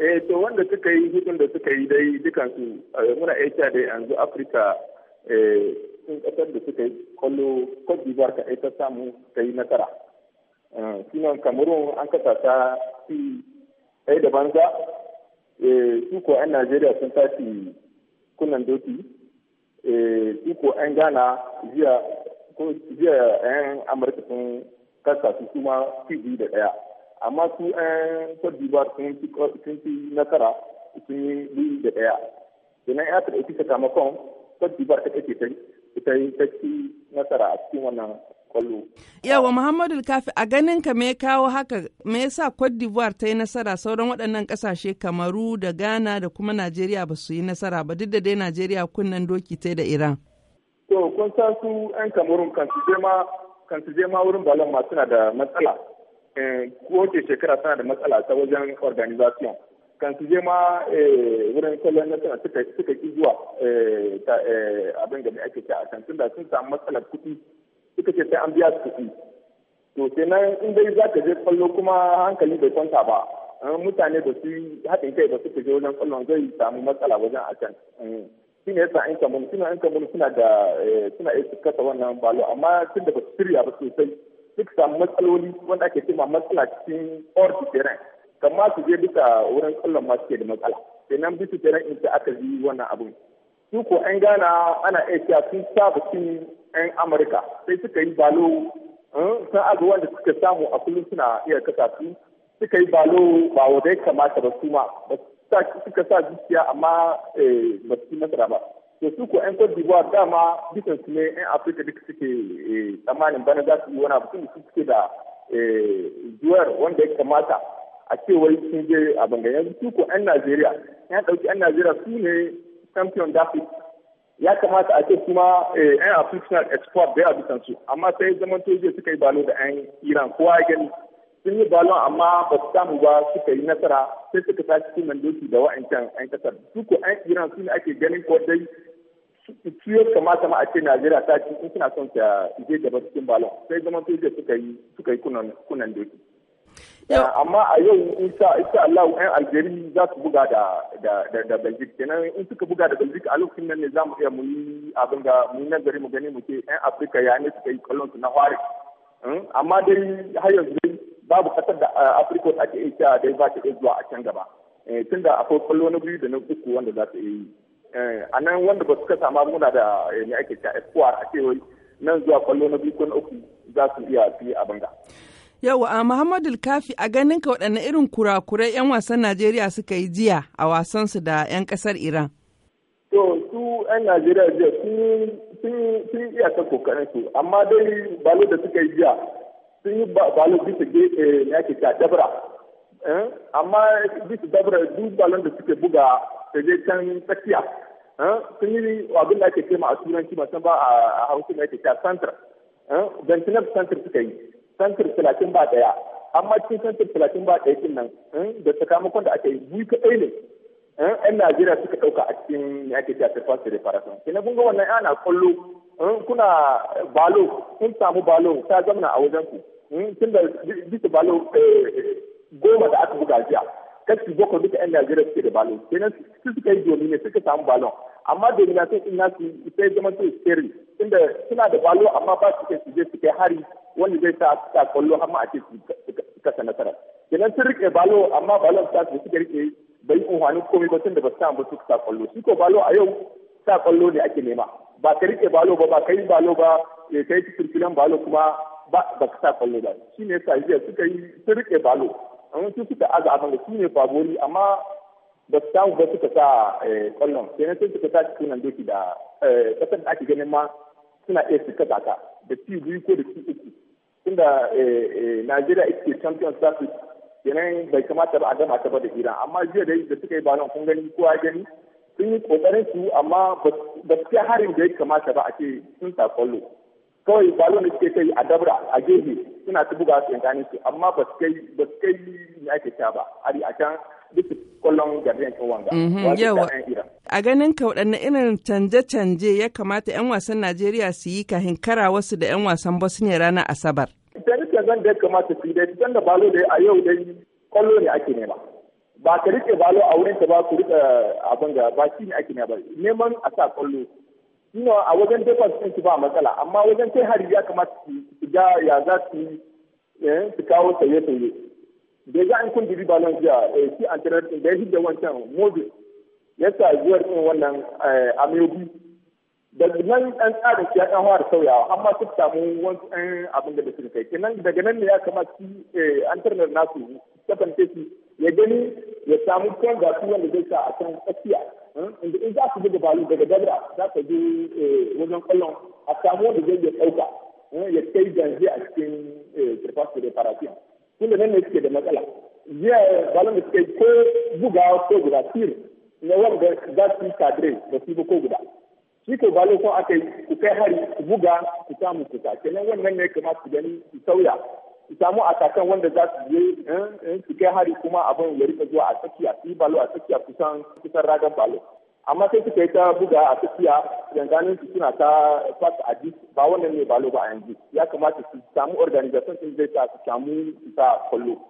eh to wanda suka yi hudun da suka yi dai dukansu eh, muna iya da yanzu eh sun kasar da suka yi kwallo cote d'ivoire ka samu ta yi nasara eh, sunan cameroon an kasa ta fi ɗaya da banza eh, su ko 'yan najeriya sun tashi kunan doki su ko 'yan ghana jiya 'yan amurka sun kasa su kuma fi da ɗaya amma su yan eh, kwadibar sun fi nasara sun yi biyu da ɗaya idan ya ta ɗauki sakamakon ta kake ta yi ta ci nasara a cikin wannan kwallo. yawa muhammadu kafi a ganin ka me kawo haka me yasa cote d'ivoire ta yi nasara sauran waɗannan ƙasashe kamaru da ghana da kuma najeriya ba su yi nasara ba duk da dai najeriya kunnen doki ta da iran. to kun san su 'yan kamarun su je ma wurin balon ma suna da matsala Eh, kowace shekara tana da matsala ta wajen organization kan su je ma eh, wurin kwallon nasara suka ki zuwa eh, abin da ake ce a kan tunda sun samu matsalar kuɗi suka ce sai an biya su kuɗi to sai nan in dai za ka je kwallo kuma hankali bai kwanta ba mutane da su haɗin kai ba suka je wajen kwallon zai samu matsala wajen a can shi ne yasa 'yan kamar suna suna da suna iya kasa wannan balo amma tun da ba su shirya ba sosai suka samu matsaloli wanda ake cewa matsala cikin hors terrain kamar su je duka wurin tsallon ma ke da matsala nan bisu terrain in aka yi wannan abin su ko 'yan gana ana iya cewa sun saba cin 'yan amurka sai suka yi balo eh, sun aga wanda suka samu a kullum suna iya kasa su suka yi balo ba wadai kamata ba su ma suka sa zuciya amma eh, ba su masara ba to su ko yan Cote d'Ivoire dama bisa su ne yan Afirka duka suke eh, tsammanin bana za su yi wani abu su suke da juwar eh, wanda ya kamata a ce wai sun je a bangare yanzu su ko yan Najeriya yan ɗauki yan Najeriya su ne champion d'Afrique ya kamata a ce kuma yan eh, African export da ya bisan su amma sai zaman je suka yi balo da yan Iran kowa ya gani sun yi balon amma ba su samu ba suka yi nasara sai suka tashi cikin doki da wa'ancan 'yan kasar duk 'yan iran su ne ake ganin ko dai su ya kama ma a ce Najeriya ta ci in suna son ta je gaba cikin balon sai zaman soja suka yi suka yi kunan doki. Amma a yau insha insha Allah ɗan Algeria za su buga da da da belgic kenan in suka buga da belgic a lokacin nan ne za mu iya muni yi abin da mun nazari mu gani mu ce ɗan Afirka ya ne suka yi kallon su na hware hmm? Amma dai har yanzu dai babu kasar da eh, Afirka ke iya dai ba ta iya zuwa a can gaba. Eh, tunda akwai kallon na biyu da na uku wanda za ta iya yi. Eh, a nan wanda ba suka samu muna da ne eh, ake cewa espoir a cewa nan zuwa kwallo na biyu kwan uku za su iya su a banga. Yau, a Muhammadu Kafi a ganin ka waɗanne irin kurakurai 'yan wasan Najeriya suka yi jiya a wasansu da 'yan ƙasar Iran. To su 'yan Najeriya jiya sun yi ta kokarin su amma dai balo da suka yi jiya sun yi balo bisa ne ake ta dabra Eh? amma bisa dabra duk balon da suke buga da je can tsakiya eh? sun yi abin da ake kema a turanci masan ba a hausa da ake kya santar bentinab santar suka yi santar talatin ba daya amma cikin santar talatin ba daya kin nan eh? da sakamakon da aka yi biyu kaɗai ne yan najeriya suka ɗauka a cikin ake ta surface reparation kina kun ga wannan yana kwallo kuna balo kun samu balo ta zamana a wajen ku tun da bisa balo goma da aka buga jiya kashi boko duka 'yan Najeriya suke da balon kenan su suka yi domin ne suka samu balon amma domination ina su sai zama su sirri tunda suna da balo amma ba su kai su je su kai hari wanda zai sa ta kwallo amma a ce su kasa nasara kenan sun rike balo amma balon ta su suka rike bai unhwanin komai ba tunda ba su samu su sa kwallo shi ko balo a yau sa kwallo ne ake nema ba ka rike balo ba ba ka yi balo ba eh, ka yi turkilan balo kuma ba ka sa kwallo ba shi ne sa jiya suka yi sun rike balo an yi suka aza kan da su ne fagori amma ba su samu ba suka sa eh, kwallon kenan sai suka sa cikin doki da kasar eh, da ake ganin ma suna iya suka zaka da ci biyu ko da ci uku tunda eh, Najeriya ita champion champions yanayin bai kamata ba a gama ta ba da Iran amma jiya da suka yi nan kun gani kowa gani sun yi kokarin su amma ba su harin da ya kamata ba a ce sun sa kwallo kawai balon da suke kai a dabra a gehe suna ta buga su yankanin su amma ba su kai ba su kai ne ake ta ba ari a can duk kwallon gardiyan kan wanga. Mhm, yawa. A ganin ka waɗanne irin canje-canje ya kamata 'yan wasan Najeriya su yi kahin kara wasu da 'yan wasan Bosnia ranar Asabar. Canje-canjen da ya kamata su yi dai tun da balo dai a yau dai kwallo ne ake nema. Ba ka rike balo a wurin ta ba ku rika abin ga ba shi ne ake nema neman a sa kwallo. Ina a wajen defense ɗin su ba matsala, amma wajen kai hari ya kamata su ga ya za su yi eh, su kawo sauye-sauye. Eh, da ya an kun dubi balon jiya, shi an tarar da ya da wancan Moses ya sa zuwar ɗin wannan eh, Ameobi. Daga nan an tsara shi ya ɗan fara sauyawa, amma su samu wani ɗan abin da su kai. Kenan daga nan ne ya kamata an tarar nasu kasance su ya gani ya samu kyan gasu wanda zai sa a kan tsakiya inda in za su buga balu daga dabra za ka je eh, wajen kwallon a samu wanda zai ya ɗauka eh, ya kai ganje a cikin eh, surface reparative tunda nan ne suke da matsala jiya balon da suke ko buga ko guda tir na wanda za su yi kadire da su ba ko guda shi ko balon ko aka yi ku kai hari ku buga ku samu ku sa kenan wannan ne kamar su gani su sauya su samu atakan wanda za su je eh, eh, su kai hari kuma abin ya rika zuwa a tsakiya su yi balo a tsakiya kusan kusan ragar balo amma sai suka yi ta buga a tsakiya danganin su suna ta fasa a ba wannan ne balo ba a yanzu ya kamata su samu organization sun zai ta su samu su ta kwallo